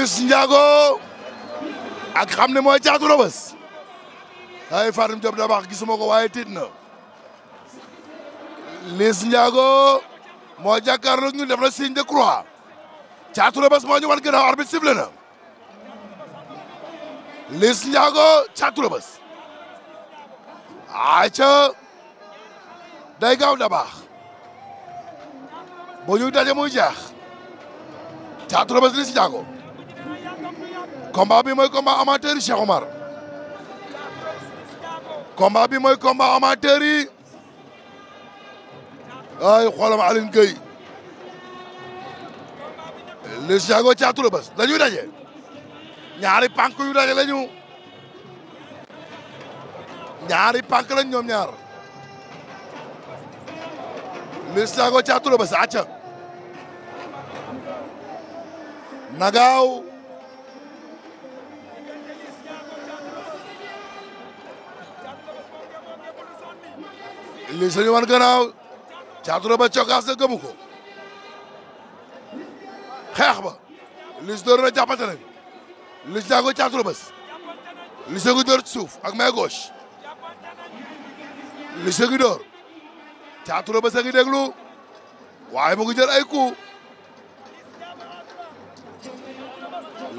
Liss Ndiago ak xam ne mooy caatu Rebeuss ay Fatim Diop da baax gisuma ko waaye tiit na Liss Ndiago moo jàkkaarloo ñu def na signe de croix caatu Rebeuss moo ñu wan gënaaw arbitre sifflé na Liss Ndiago caatu Rebeuss aca day gaaw da baax bu daje muy jeex caatu Rebeuss Liss Ndiago combat bi mooy combat amateur yi Cheikh Omar combat bi mooy combat amateur yi ay xoolam Alioune Gueye le Thiago Thiatou Rebeuss la ñuy daje ñaari pànk yu daje la ñu ñaari pànk lañ ñoom ñaar le Thiago Thiatou Rebeuss acca nagaaw li sañu wan gannaaw caaturo ba cokaas na gëmu ko xeex ba lis door na jàppante nañ lis daa ko caaturo bas lis a door ci suuf ak main gauche lis a door caaturo bas a ngi déglu waaye mu ngi jël ay coup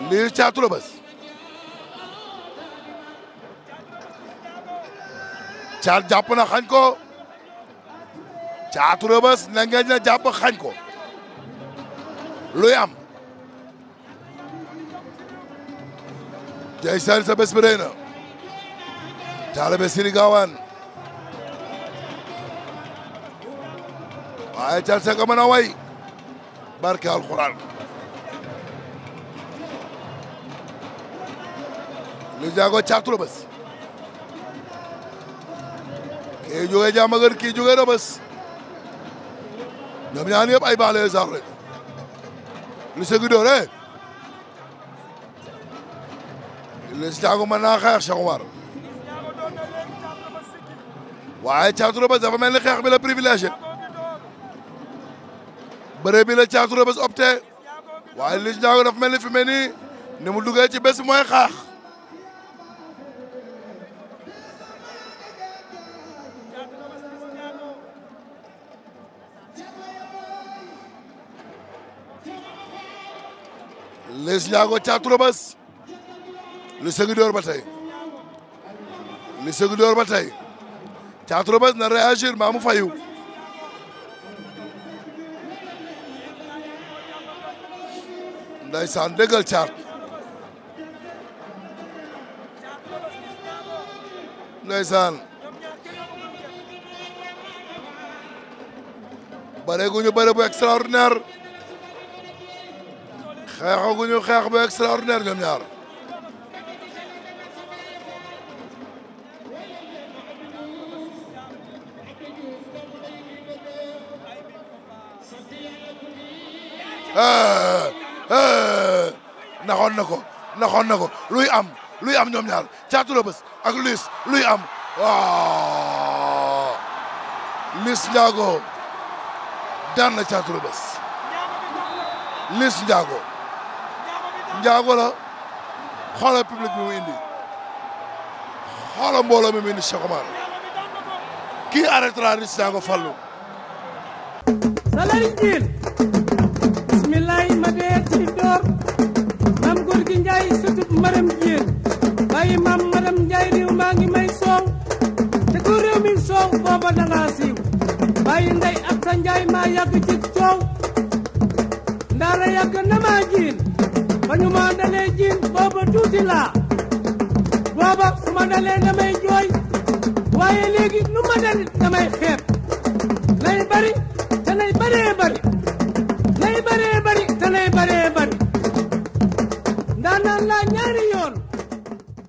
lii caaturo bas caat jàpp na xañ ko caatu rëbës na ngeen na jàpp xañ ko luy am jey seen sa bés bi rëy na taalibe Siri Gaawaan waaye a way barke alxuraan ñoom ñaar yëpp ay baalee sar rek li segi doore eh? Liss Ndiago naa xeex Cheikh Oumar waaye dafa mel ni xeex bi la privilégié bëre bi la Thiatou Rebeuss opté waaye Liss Ndiago dafa mel ni fi mel ni mu duggee ci bés mooy xaax Liss Ndiago Thiatou Rebeuss Liss a ngi door ba tey Liss a ngi door ba tey Thiatou Rebeuss na réagir maa mu fayu ndeysaan bare gu bare bu extraordinaire xeexaguñu xeex bu extraordinaire ñoom ñaar eh, eh, naxoon na ko naxoon na ko luy am luy am ñoom ñaar caatu la bés ak Liss luy am waaw ah, Liss Ndiago daan na caatu la bés Liss Ndiago njaago la xoolal public bi indi xoolal mbooloo mi indi Cheikh Omar kii arrêté laa ris naa ko fallu salay jiin bismillaay ma dee ci door maam góor gi njaay sutub maram jiin bàyyi maam maram njaay réew maa ngi may soow te ko réew mi soow booba dangaa siiw bàyyi ndey ak njaay maa yàgg ci coow ndaara yàgg na maa jiin du ma dalee jiin booba tuuti laa booba su ma dalee damay jooy waaye léegi nu ma dalit damay xeeb lay bari